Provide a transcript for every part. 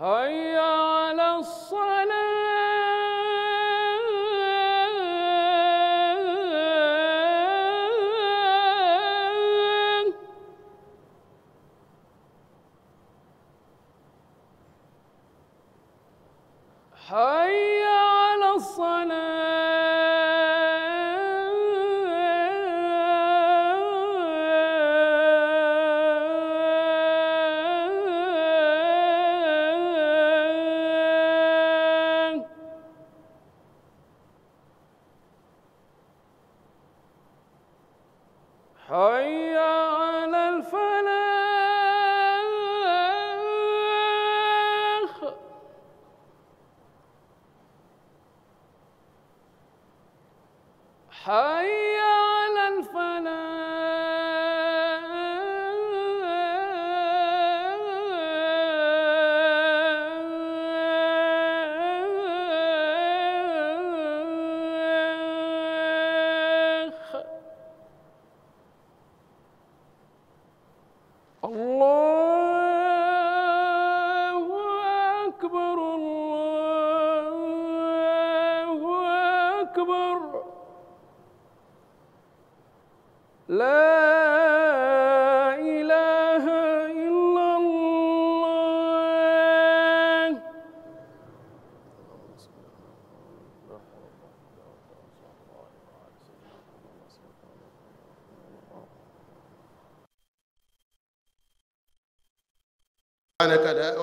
هيا على الصلاة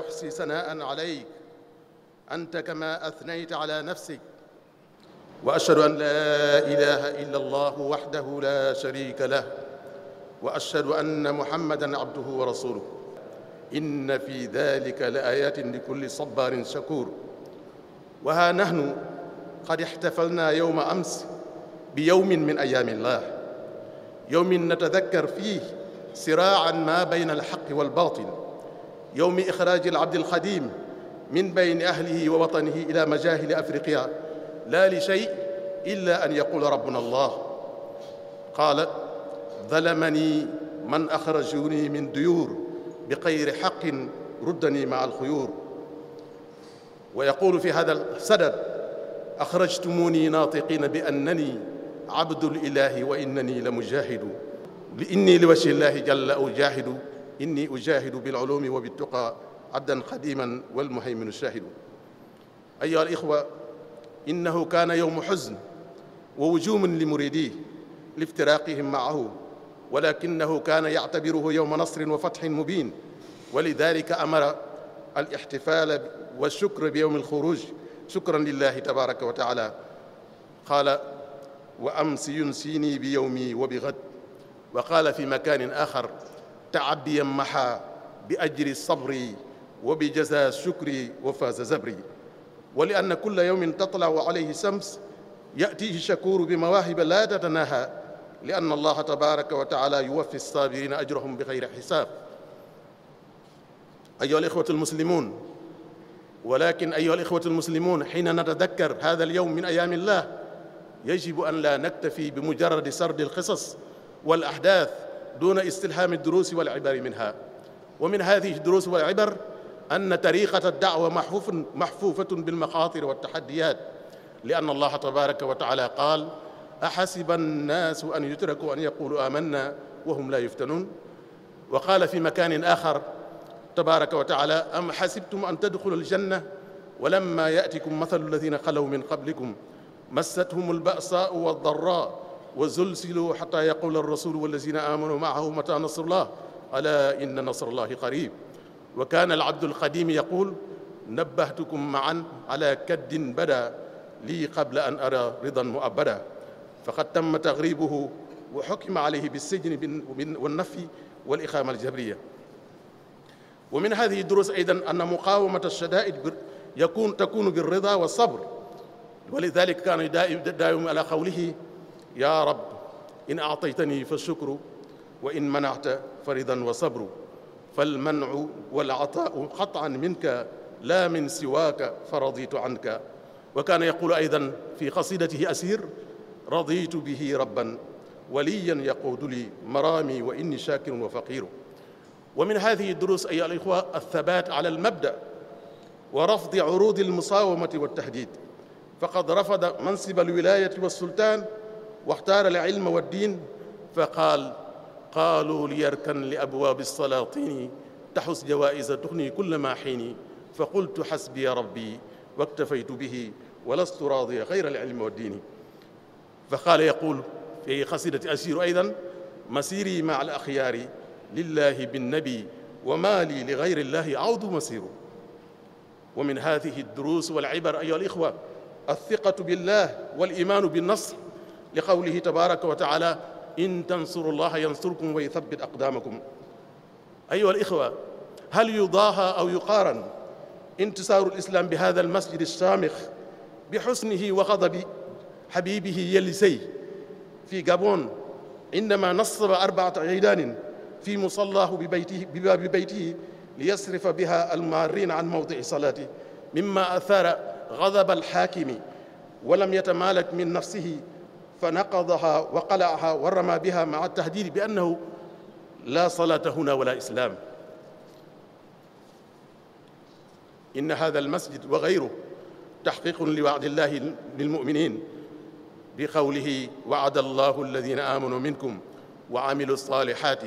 أحصي ثناء عليك أنت كما أثنيت على نفسك وأشهد أن لا إله إلا الله وحده لا شريك له وأشهد أن محمدًا عبده ورسوله إن في ذلك لآيات لكل صبار شكور وها نحن قد احتفلنا يوم أمس بيوم من أيام الله يوم نتذكر فيه صراعًا ما بين الحق والباطل يوم إخراج العبد الخديم من بين أهله ووطنه إلى مجاهل أفريقيا لا لشيء إلا أن يقول ربنا الله قال ظلمني من أخرجوني من ديور بغير حق ردني مع الخيور ويقول في هذا السدد أخرجتموني ناطقين بأنني عبد الإله وإنني لمجاهد لإني لوجه الله جل أجاهد إني أجاهد بالعلوم وبالتقى عبدا قديما والمهيمن الشاهد أيها الإخوة إنه كان يوم حزن ووجوم لمريديه لافتراقهم معه ولكنه كان يعتبره يوم نصر وفتح مبين ولذلك أمر الاحتفال والشكر بيوم الخروج شكرا لله تبارك وتعالى قال وأمس ينسيني بيومي وبغد وقال في مكان آخر تعبيا محا بأجر صبري وبجزاء شكري وفاز زبري ولأن كل يوم تطلع عليه شمس يأتيه الشكور بمواهب لا تتناهى لأن الله تبارك وتعالى يوفي الصابرين أجرهم بغير حساب أيها الإخوة المسلمون ولكن أيها الإخوة المسلمون حين نتذكر هذا اليوم من أيام الله يجب أن لا نكتفي بمجرد سرد القصص والأحداث دون استلهام الدروس والعبر منها ومن هذه الدروس والعبر أن طريقة الدعوة محفوف محفوفة بالمخاطر والتحديات لأن الله تبارك وتعالى قال أحسب الناس أن يتركوا أن يقولوا آمنا وهم لا يفتنون وقال في مكان آخر تبارك وتعالى أم حسبتم أن تدخلوا الجنة ولما يأتكم مثل الذين خلوا من قبلكم مستهم البأساء والضراء وزلزلوا حتى يقول الرسول والذين آمنوا معه متى نصر الله ألا إن نصر الله قريب وكان العبد القديم يقول نبهتكم معا على كد بدا لي قبل أن أرى رضا مؤبدا فقد تم تغريبه وحكم عليه بالسجن والنفي والإقامة الجبرية ومن هذه الدروس أيضا أن مقاومة الشدائد يكون تكون بالرضا والصبر ولذلك كان دائم على قوله يا رب إن أعطيتني فالشكر وإن منعت فرضا وصبر فالمنع والعطاء قطعا منك لا من سواك فرضيت عنك وكان يقول أيضا في قصيدته أسير رضيت به ربا وليا يقود لي مرامي وإني شاكر وفقير ومن هذه الدروس أيها الإخوة الثبات على المبدأ ورفض عروض المساومة والتهديد فقد رفض منصب الولاية والسلطان واختار العلم والدين فقال قالوا ليركن لأبواب السلاطين تحس جوائز تغني كل ما حين فقلت حسبي يا ربي واكتفيت به ولست راضيا غير العلم والدين فقال يقول في قصيدة أسير أيضا مسيري مع الأخيار لله بالنبي وما لي لغير الله عوض مسير ومن هذه الدروس والعبر أيها الإخوة الثقة بالله والإيمان بالنصر لقوله تبارك وتعالى إن تنصروا الله ينصركم ويثبت أقدامكم أيها الإخوة هل يضاهى أو يقارن انتصار الإسلام بهذا المسجد الشامخ بحسنه وغضب حبيبه يليسي في جابون عندما نصب أربعة عيدان في مصلاه ببيته بباب بيته ليصرف بها المارين عن موضع صلاته مما أثار غضب الحاكم ولم يتمالك من نفسه فنقضها وقلعها ورمى بها مع التهديد بأنه لا صلاة هنا ولا إسلام إن هذا المسجد وغيره تحقيق لوعد الله للمؤمنين بقوله وعد الله الذين آمنوا منكم وعملوا الصالحات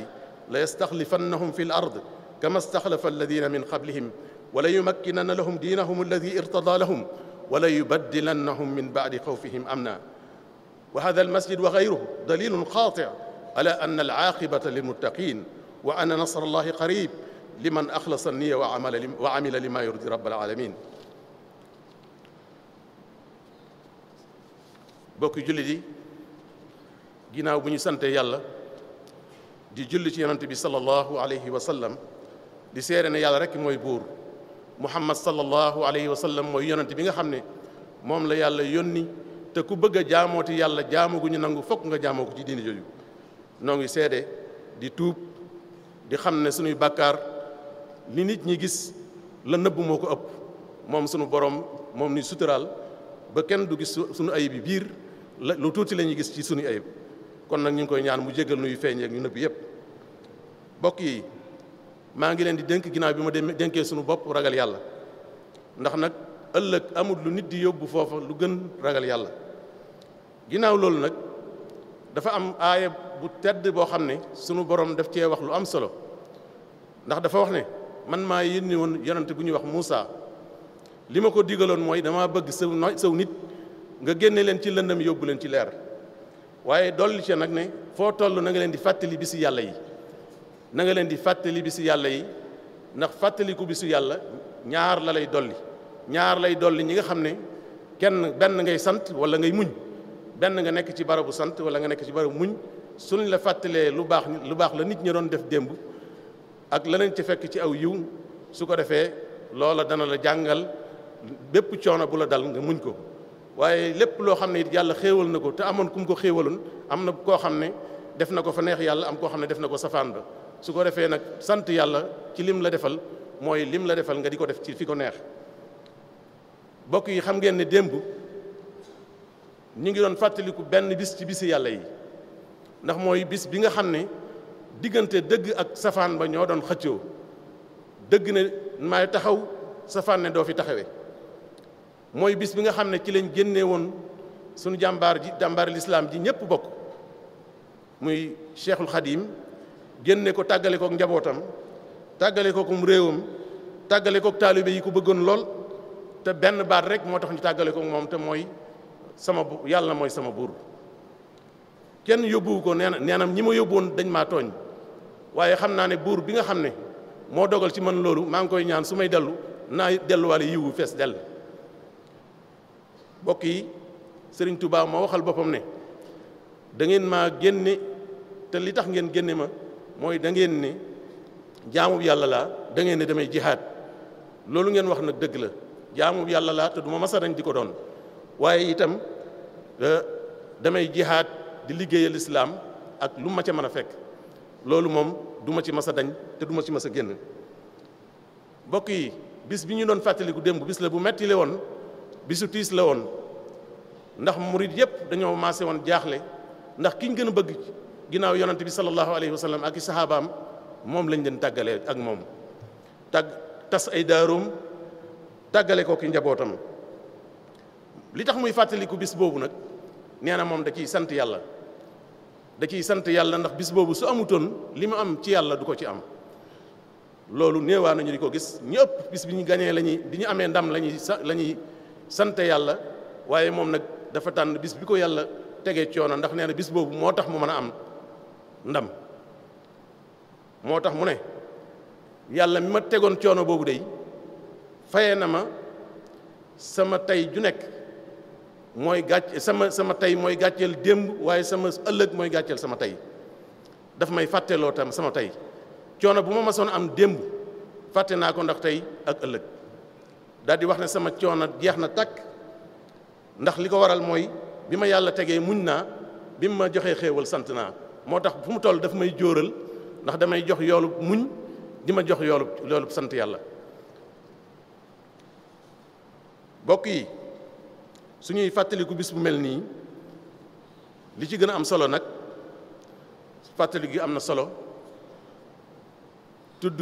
ليستخلفنهم في الأرض كما استخلف الذين من قبلهم وليمكنن لهم دينهم الذي ارتضى لهم وليبدلنهم من بعد خوفهم أمنا وهذا المسجد وغيره دليل قاطع على ان العاقبه للمتقين وان نصر الله قريب لمن اخلص النيه وعمل وعمل لما يرضي رب العالمين بوكي جلدي غيناو بني سانت يالا دي جلتي يونت بي صلى الله عليه وسلم دي سيرنا يالا رك موي محمد صلى الله عليه وسلم موي يونت بيغا خامني موم يوني te ku bëgg a jaamooti yàlla jaamu gu ñu nangu fokk nga jaamoo ci diini jooju noo ngi seede di tuub di xam ne suñuy bàkkaar li nit ñi gis la nëbb moo ko ëpp moom suñu boroom moom ni suturaal ba kenn du gis su suñu ayib yi biir la lu tuuti la ñuy gis ci suñu ayib kon nag ñu ngi koy ñaan mu jégal nuyu feeñ ak ñu nëbb yépp mbokk yi maa ngi leen di dénk ginnaaw bi ma dem dénkee suñu bopp ragal yàlla ndax nag ëllëg amut lu nit di yóbbu foofa lu gën ragal yàlla ginnaaw loolu nag dafa am aaya bu tedd boo xam ne sunu borom daf cee wax lu am solo ndax dafa wax ne man maa yónni woon yonante bu ñuy wax Moussa li ma ko digaloon mooy dama bëgg sëw saw saw nit nga génne leen ci lëndam yóbbu leen ci leer waaye dolli ci nag ne foo toll na nga leen di fàttali bi bisu yàlla yi na nga leen di fàttali bi bisu yàlla yi ndax fàttaliku bisu yàlla ñaar la lay dolli ñaar lay dolli ñi nga xam ne kenn benn ngay sant wala ngay muñ benn nga nekk ci barabu sant wala nga nekk ci barabu muñ suñ la fàttalee lu baax lu baax la nit ña doon def démb ak la leen ci fekk ci aw yiw su ko defee loola dana la jàngal bépp coono bu la dal nga muñ ko waaye lépp loo xam ne it yàlla xéewal na ko te amoon kum ko xéewaloon am na koo xam ne def na ko fa neex yàlla am koo xam ne def na ko safaan ba su ko defee nag sant yàlla ci lim la defal mooy lim la defal nga di ko def ci fi ko mbokk yi xam ngeen ne démb ñu ngi doon fàttaliku benn bis ci bisi yàlla yi ndax mooy bis bi nga xam ne diggante dëgg ak safaan ba ñoo doon xëccoo dëgg ne maay taxaw safaan ne doo fi taxawe mooy bis bi nga xam ne ci lañ génnee woon sunu jàmbaar ji jàmbaari lislaam ji ñëpp bokk muy cheikhul xadim génne ko tàggale kook njabootam tàggale ko kook réewam tàggale kook taalibe yi ko bëggoon lool te benn baat rek moo tax ñu tàggale ko moom te mooy sama bu yàlla mooy sama buur kenn yóbbuwu ko nee na nee na ñi ma yóbboon dañ maa tooñ waaye xam naa ne buur bi nga xam ne moo dogal ci man loolu maa ngi koy ñaan su may dellu naa delluwaale yiwu fees dell mbokk yi sëriñ Touba moo waxal boppam ne da ngeen maa génne te li tax ngeen génne ma mooy dangeen ngeen ne jaamu yàlla laa dangeen ngeen ne damay jihaad loolu ngeen wax nag dëgg la jaamu yàlla laa te du ma masa dañ di ko doon waaye itam eh, damay jihaad di liggéeyal islaam ak lu ma ca mën a fekk loolu moom duma ma ci masa dañ te duma ma ci masa génn mbokk yi bis bi ñu doon fàttaliku démb bis la bu metti la woon bisu tiis la woon ndax murit yépp dañoo maase woon jaaxle ndax kiñ ñu gën a bëgg ginnaaw yonante bi sallallahu alayhi wa sallam ak i saxaabaam moom lañ leen tàggalee ak moom tàgg tas ay daaroom tàggale ko ki njabootam li tax muy fàttaliku bis boobu nag nee na moom da ciy sant yàlla da ciy sant yàlla ndax bis boobu su amutoon li mu am ci yàlla du ko ci am loolu néewaa nañu di ko gis ñu bis bi ñu gañee la ñuy di ñu amee ndam lañuy ñuy sa sant yàlla waaye moom nag dafa tànn bis bi ko yàlla tegee coono ndax nee na bis boobu moo tax mu mën a am ndam moo tax mu ne yàlla mi ma tegoon coono boobu dey faye na ma sama tey ju nekk mooy gàcc sama sama tey mooy gàcceel démb waaye sama ëllëg mooy gàcceel sama tey daf may fàtteloo tam sama tey coono bu ma masoon am démb fàtte naa ko ndax tey ak ëllëg daal di wax ne sama coono jeex na takk ndax li ko waral mooy bi ma yàlla tegee muñ naa bi ma joxee xéewal sant naa moo tax fu mu toll daf may jóoral ndax damay jox yoolub muñ di ma jox yoolub yoolub sant yàlla bokk yi suñuy fàttaliku bis bu mel nii li ci gën a am solo nag fàttali am na solo tudd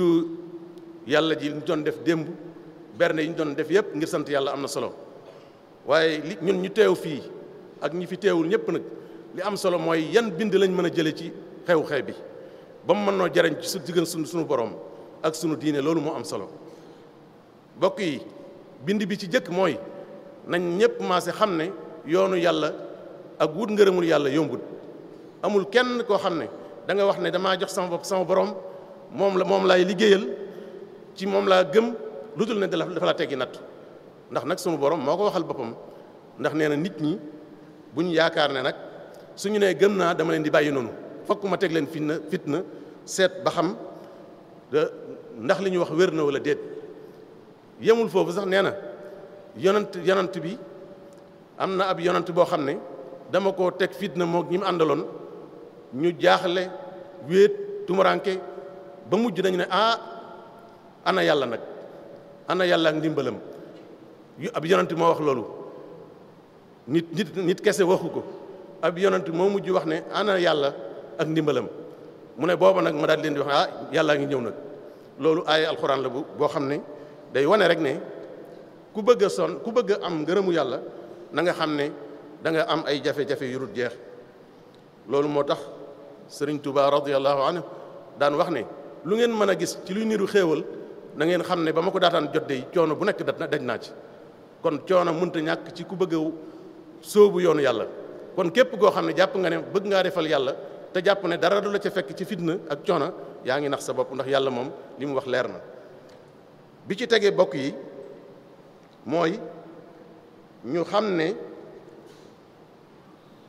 yàlla ji ñu doon def démb berne yi ñu doon def yépp ngir sant yàlla am na solo waaye li ñun ñu teew fii ak ñi fi teewul ñépp nag li am solo mooy yan bind lañ mën a jële ci xew-xew bi ba mu mën noo jariñ ci su diggan suñu suñu borom ak sunu diine loolu moo am solo mbokk bind bi ci jëkk mooy nañ ñëpp maase xam ne yoonu yàlla ak wut ngërëmul yàlla yombul amul kenn koo xam ne da nga wax ne damaa jox sama bopp sama borom moom la moom laay liggéeyal ci moom laa gëm lu dul ne dafa la teggi natt ndax nag suma borom moo ko waxal boppam ndax nee na nit ñi bu yaakaar ne nag suñu nee gëm naa dama leen di bàyyi noonu fokk ma teg leen fitna fitna seet ba xam ndax li ñu wax wér na wala déet. yemul foofu sax nee na yonant yonant bi am na ab yonant boo xam ne dama ko teg fitna moog ñi mu àndaloon ñu jaaxle wéet tumuraanke ba mujj nañu ne ah ana yàlla nag ana yàlla ak ndimbalam yu ab yonant moo wax loolu nit nit nit kese waxu ko ab yonant moo mujj wax ne ana yàlla ak ndimbalam mu ne booba nag ma daal leen di wax ah yàllaa ngi ñëw nag loolu aaya alxuraan la bu boo xam ne day wane rek ne ku bëgg son ku bëgg am ngërëmu yàlla na nga xam ne da nga am ay jafe-jafe yu jeex loolu moo tax sëriñ Touba radiyallahu anhu daan wax ne lu ngeen mën a gis ci luy niru xéewal na ngeen xam ne ba ma ko daataan jot de coono bu nekk dat na daj naa ci kon coono mënta ñàkk ci ku bëgg a sóobu yoonu yàlla kon képp koo xam ne jàpp nga ne bëgg ngaa defal yàlla te jàpp ne dara du la ca fekk ci fitna ak coono yaa ngi nax sa bopp ndax yàlla moom li mu wax leer na bi ci tegee bokk yi mooy ñu xam ne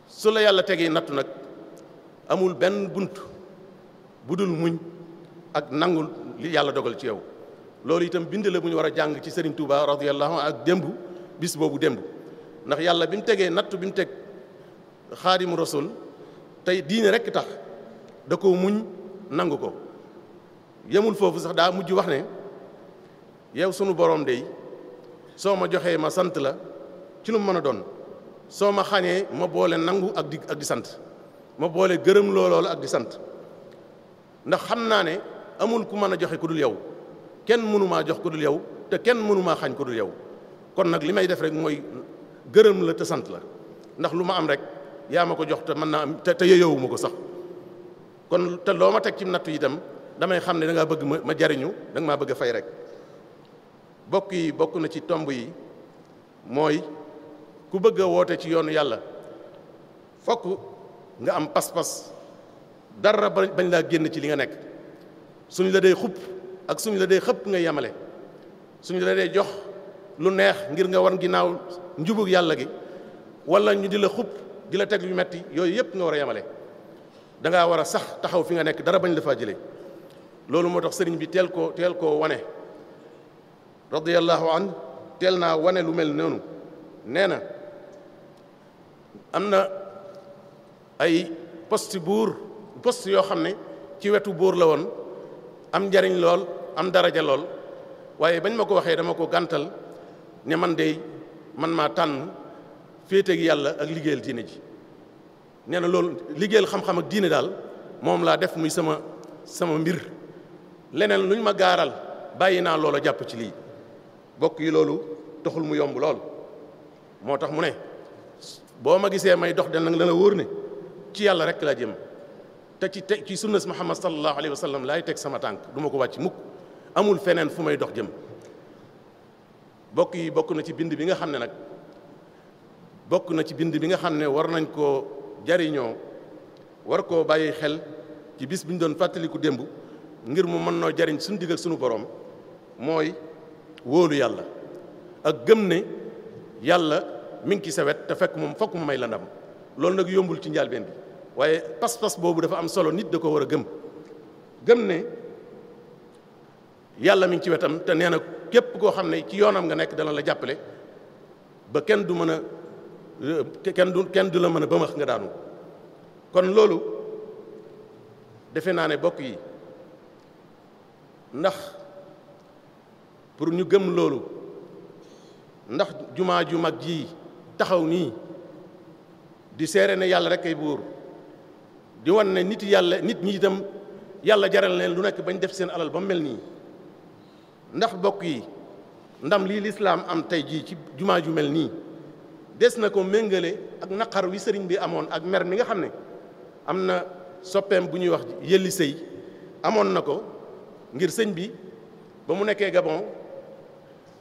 su la yàlla tegee nattu nag amul benn bunt bu dul muñ ak nangul li yàlla dogal ci yow loolu itam bind la bu ñu war a jàng ci Serigne Touba radiyallahu ak démb bis boobu démb ndax yàlla bi mu tegee nattu bi mu teg xaadimu rasul tey diine rekk tax da ko muñ nangu ko yemul foofu sax daa mujj wax ne yow sunu borom dey soo ma joxee ma sant la ci lu mu mën a doon soo ma xañee ma boole nangu ak di ak sant ma boole gërëm looloo la ak di sant ndax xam naa ne amul ku mën a joxe ku dul yow kenn mënu jox ku dul yow te kenn mënu xañ ku dul yow kon nag li may def rek mooy gërëm la te sant la ndax lu ma am rek yaa ma ko jox te mën naa am te te yowuma ko sax kon te loo ma teg ci nattu itam damay xam ne da ngaa bëgg ma ma jariñu danga maa bëgg a fay rek. bokk yi bokk na ci tomb yi mooy ku bëgg a woote ci yoonu yàlla fokk nga am pas-pas dara bañ laa génn ci li nga nekk suñ la dee xupp ak suñ la dee xëpp nga yemale suñ la dee jox lu neex ngir nga war ginnaaw njubug yàlla gi wala ñu di la xupp di la teg lu metti yooyu yëpp nga war a yemale da ngaa war a sax taxaw fi nga nekk dara bañ la fa jëlee loolu moo tax sëriñ bi teel ko teel koo wane radiyallahu an teel naa wane lu mel noonu nee na am na ay poste buur poste yoo xam ne ci wetu buur la woon am njariñ lool am daraja lool waaye bañ ma ko waxee dama ko gantal ne man dey man maa tànn féeteeg yàlla ak liggéeyal diine ji nee na loolu liggéeyal xam-xam ak diine daal moom laa def muy sama sama mbir leneen luñ ma gaaral bàyyi naa loola jàpp ci lii bokk yi loolu taxul mu yomb lool moo tax mu ne boo ma gisee may dox dana la wóor ne ci yàlla rek laa jëm te ci te ci sunnas muhammad sallallahu alayhi wa sallam laay teg sama tànk duma ko wàcc mukk amul feneen fu may dox jëm bokk yi bokk na ci bind bi nga xam ne nag bokk na ci bind bi nga xam ne war nañ koo jariñoo war koo bàyyi xel ci bis bi ñu doon fàttaliku démb ngir mu mën noo jariñ suñu digg suñu borom mooy wóolu yàlla ak gëm ne yàlla mi ngi ci sa wet te fekk moom fokk mu may landam loolu nag yombul ci njàlbeen bi waaye pas-pas boobu dafa am solo nit da ko war a gëm gëm ne yàlla mi ngi ci wetam te nee na képp koo xam ne ci yoonam nga nekk dana la jàppale ba kenn du mën a kenn du kenn du la mën a bëmax nga daanu kon loolu defe naa ne bokk yi ndax pour ñu gëm loolu ndax jumaa ju mag ji taxaw nii di seere ne yàlla rek ay buur di wan ne nit yàlla nit ñi itam yàlla jaral leen lu nekk bañ def seen alal ba mel nii ndax bokk yi ndam lii lislaam am tey jii ci jumaa ju mel nii des na ko méngale ak naqar wi sëriñ bi amoon ak mer mi nga xam ne am na soppeem bu ñuy wax yëlli sëy amoon na ko ngir sëñ bi ba mu nekkee Gabon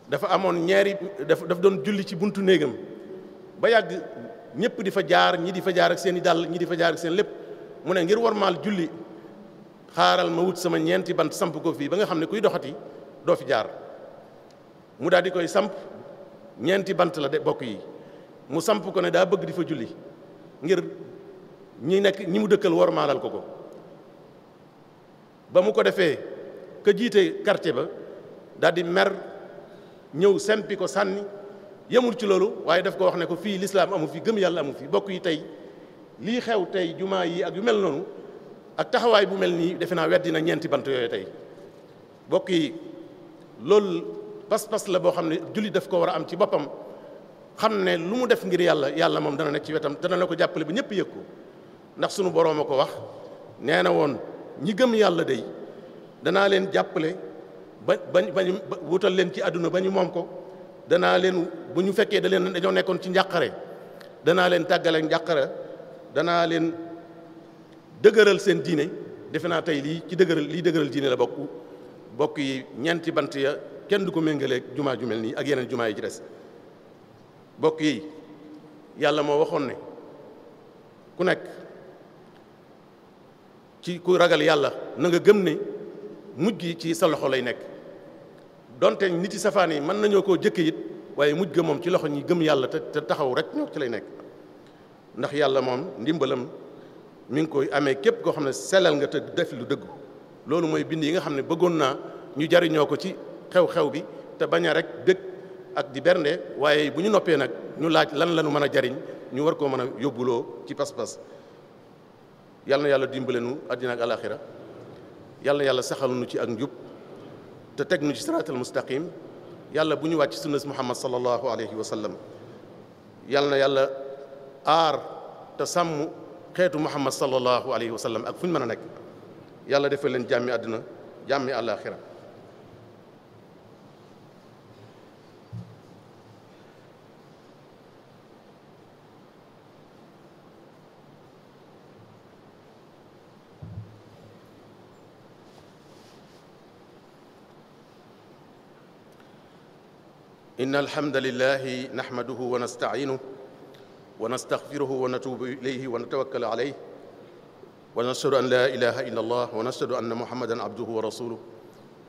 dafa amone ñaari dafa daf doon julli ci buntu neegam ba yag ñepp di fa jaar ñi di fa jaar ak seeni dal ñi di fa jaar ak seen lepp mu ne ngir warmal julli xaaral ma wut sama ñenti bant samp ko fi ba nga xamne kuy doxati do fi jaar mu daal di koy samp ñenti bant la de bokk yi mu samp ko ne da bëgg di julli ngir ñi nek ñi mu dekkal warmalal ko ko ba mu ko defee ka jiite quartier ba daal di mer ñëw sempi ko sànni yemul ci lolu waye daf ko wax ne ko fi l'islam amu fi gëm yàlla amu fi bokku yi tay li xew tay juma yi ak yu mel nonu ak taxaway bu mel nii defe naa weddi na ñeenti bant yoy tay bokki lol loolu pas-pas la bo xamne julli daf ko wara am ci bopam xamne lu mu def ngir yàlla yàlla mom dana nek ci wetam dana lako jàppale bu ñëpp yekku ndax sunu borom a wax neena won ñi gëm yàlla day dana len jàppale ba bañ bañ wutal leen ci àdduna ba ñu moom ko danaa leen bu ñu fekkee da leen dañoo nekkoon ci njàqare danaa leen tàggale njàqare danaa leen dëgëral seen diine defe naa tey lii ci dëgëral lii dëgëral diine la bokk bokk yi ñeenti bant ya kenn du ko méngaleeg jumaa ju nii ak yeneen jumaa yi ci des bokk yi yàlla moo waxoon ne ku nekk ci ku ragal yàlla na nga gëm ne mujj gi ci sa loxo lay nekk donte nit yi safaan yi mën nañoo koo jëkke it waaye mujj ga moom ci loxo ñi gëm yàlla te taxaw rek ñoo ci lay nekk ndax yàlla moom ndimbalam mi ngi koy amee képp koo xam ne sellal nga te def lu dëggu loolu mooy bind yi nga xam ne bëggoon naa ñu jariñoo ko ci xew-xew bi te bañ a rek dëkk ak di bernde waaye bu ñu noppee nag ñu laaj lan la mën a jariñ ñu war koo mën a yóbbuloo ci pas-pas yàlla yàlla dimbale nu àddina ak يلا يلا سخل نوتي أنجوب تتك نجسرات المستقيم يلا بني واتي سنس محمد صلى الله عليه وسلم يلا يلا آر تسمو خيط محمد صلى الله عليه وسلم أكفن من نك يلا دفل جامي أدنى جامي الآخرة إن الحمد لله نحمده ونستعينه ونستغفره ونتوب إليه ونتوكل عليه ونشهد أن لا إله إلا الله ونشهد أن محمدا عبده ورسوله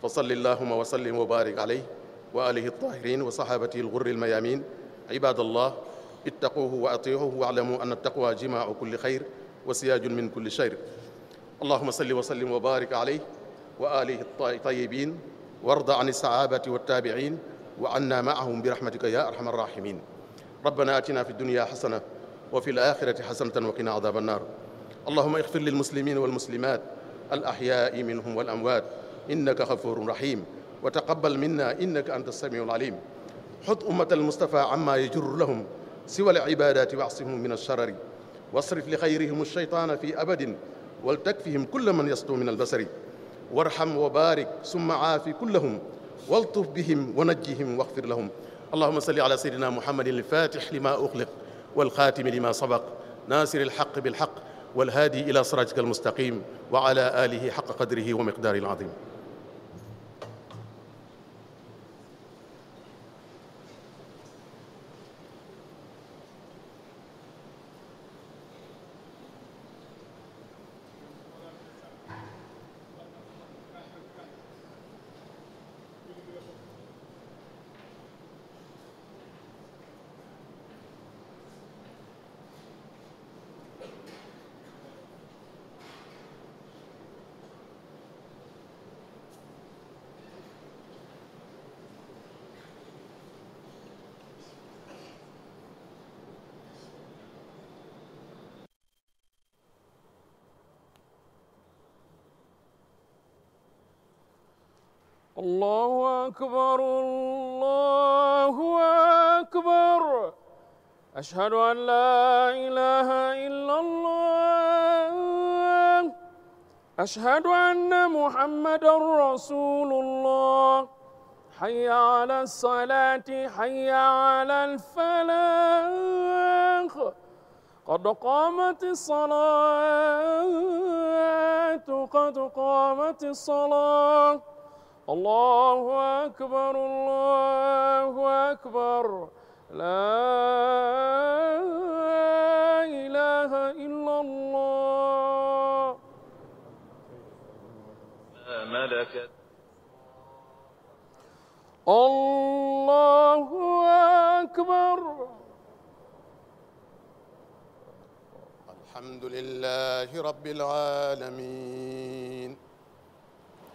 فصل اللهم وسلم وبارك عليه وآله الطاهرين وصحابته الغر الميامين عباد الله اتقوه وأطيعوه واعلموا أن التقوى جماع كل خير وسياج من كل شر اللهم صل وسلم وبارك عليه وآله الطيبين وارض عن الصحابة والتابعين وعنا معهم برحمتك يا أرحم الراحمين ربنا آتنا في الدنيا حسنة وفي الآخرة حسنة وقنا عذاب النار اللهم اغفر للمسلمين والمسلمات الأحياء منهم والأموات إنك غفور رحيم وتقبل منا إنك أنت السميع العليم حط أمة المصطفى عما يجر لهم سوى العبادات واعصمهم من الشرر واصرف لخيرهم الشيطان في أبد ولتكفهم كل من يسطو من البصر وارحم وبارك ثم عاف كلهم والطف بهم ونجهم واغفر لهم اللهم صل على سيدنا محمد الفاتح لما أغلق والخاتم لما سبق ناصر الحق بالحق والهادي إلى صراطك المستقيم وعلى آله حق قدره ومقداره العظيم الله أكبر الله أكبر أشهد أن لا إله إلا الله أشهد أن محمدا رسول الله حي على الصلاة حي على الفلاح قد قامت الصلاة قد قامت الصلاة الله أكبر الله أكبر لا إله إلا الله ملكت الله أكبر الحمد لله رب العالمين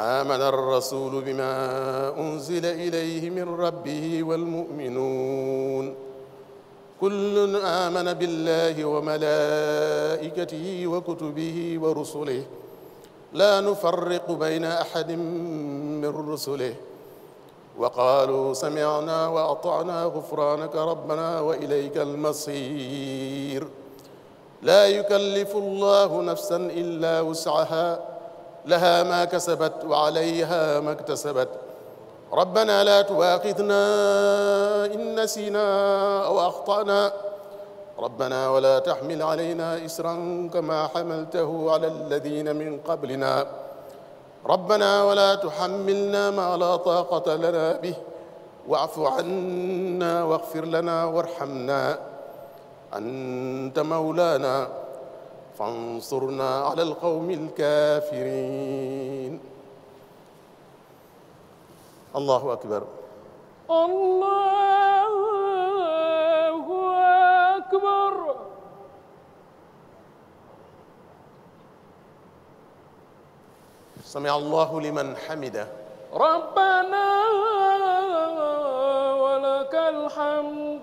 آمن الرسول بما أنزل إليه من ربه والمؤمنون كل آمن بالله وملائكته وكتبه ورسله لا نفرق بين أحد من رسله وقالوا سمعنا وأطعنا غفرانك ربنا وإليك المصير لا يكلف الله نفسا إلا وسعها لها ما كسبت وعليها ما اكتسبت ربنا لا تواخذنا إن نسينا أو أخطأنا ربنا ولا تحمل علينا إسرا كما حملته على الذين من قبلنا ربنا ولا تحملنا ما لا طاقة لنا به واعف عنا واغفر لنا وارحمنا أنت مولانا فانصرنا على القوم الكافرين الله أكبر الله أكبر سمع الله لمن حمده ربنا ولك الحمد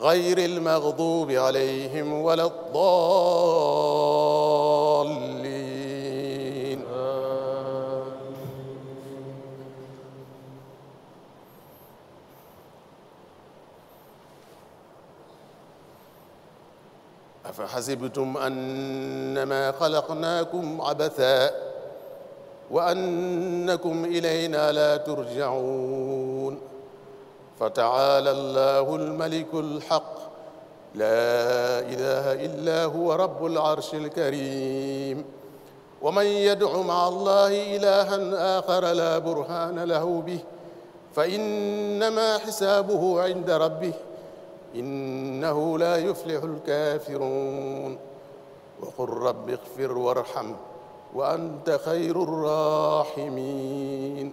غير المغضوب عليهم ولا الضالين أفحسبتم أنما خلقناكم عبثا وأنكم إلينا لا ترجعون فتعالى الله الملك الحق لا إله إلا هو رب العرش الكريم ومن يدع مع الله إلها آخر لا برهان له به فإنما حسابه عند ربه إنه لا يفلح الكافرون وقل رب اغفر وارحم وأنت خير الراحمين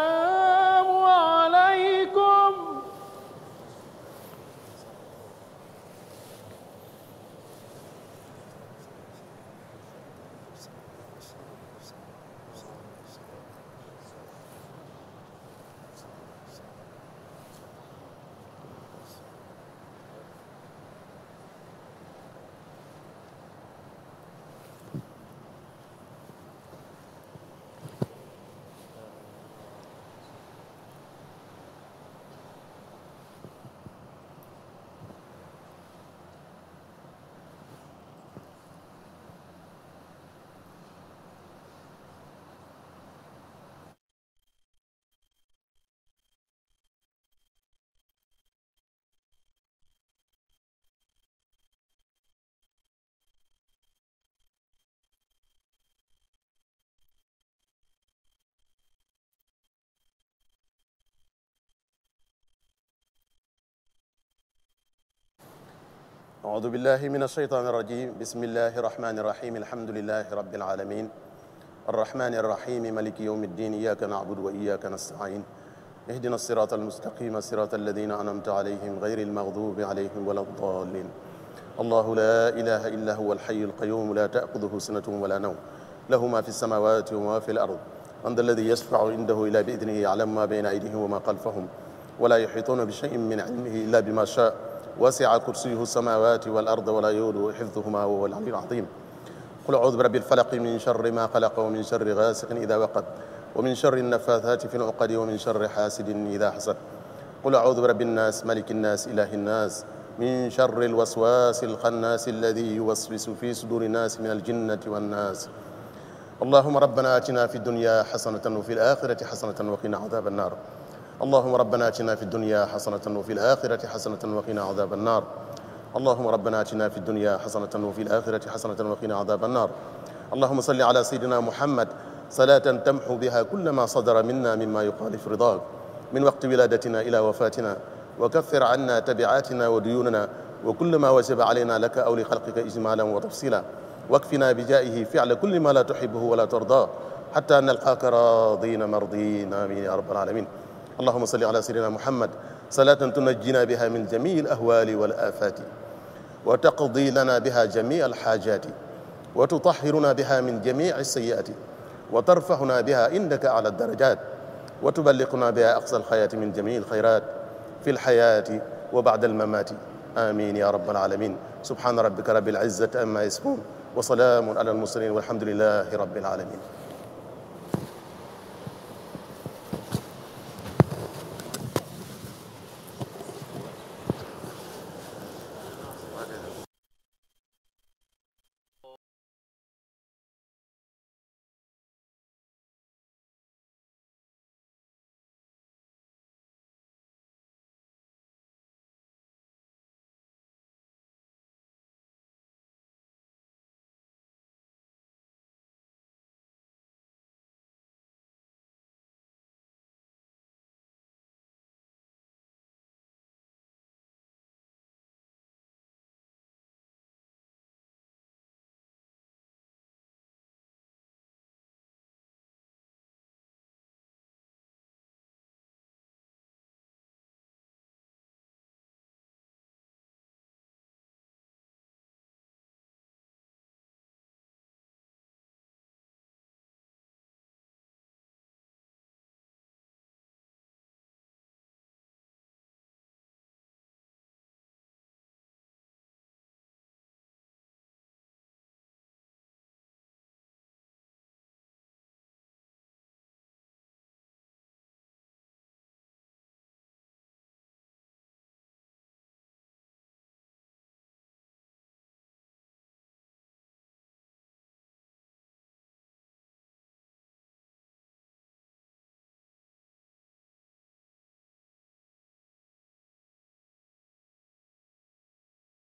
أعوذ بالله من الشيطان الرجيم بسم الله الرحمن الرحيم الحمد لله رب العالمين الرحمن الرحيم ملك يوم الدين إياك نعبد وإياك نستعين اهدنا الصراط المستقيم صراط الذين أنعمت عليهم غير المغضوب عليهم ولا الضالين الله لا إله إلا هو الحي القيوم لا تأخذه سنة ولا نوم له ما في السماوات وما في الأرض عند الذي يشفع عنده إلا بإذنه يعلم ما بين أيديهم وما خلفهم ولا يحيطون بشيء من علمه إلا بما شاء وسع كرسيه السماوات والأرض ولا يؤوده حفظهما وهو العلي العظيم قل أعوذ برب الفلق من شر ما خلق ومن شر غاسق إذا وقب ومن شر النفاثات في العقد ومن شر حاسد إذا حسد قل أعوذ برب الناس ملك الناس إله الناس من شر الوسواس الخناس الذي يوسوس في صدور الناس من الجنة والناس اللهم ربنا آتنا في الدنيا حسنة وفي الآخرة حسنة وقنا عذاب النار اللهم ربنا اتنا في الدنيا حسنة وفي الآخرة حسنة وقنا عذاب النار اللهم ربنا اتنا في الدنيا حسنة وفي الآخرة حسنة وقنا عذاب النار اللهم صل على سيدنا محمد صلاة تمحو بها كل ما صدر منا مما يخالف رضاك من وقت ولادتنا إلى وفاتنا وكفر عنا تبعاتنا وديوننا وكل ما وجب علينا لك أو لخلقك إجمالا وتفصيلا واكفنا بجائه فعل كل ما لا تحبه ولا ترضاه حتى نلقاك راضين مرضين آمين يا رب العالمين اللهم صل على سيدنا محمد صلاة تنجينا بها من جميع الأهوال والآفات وتقضي لنا بها جميع الحاجات وتطهرنا بها من جميع السيئات وترفعنا بها إنك على الدرجات وتبلغنا بها أقصى الحياة من جميع الخيرات في الحياة وبعد الممات آمين يا رب العالمين سبحان ربك رب العزة أما يسكون وسلام على المرسلين والحمد لله رب العالمين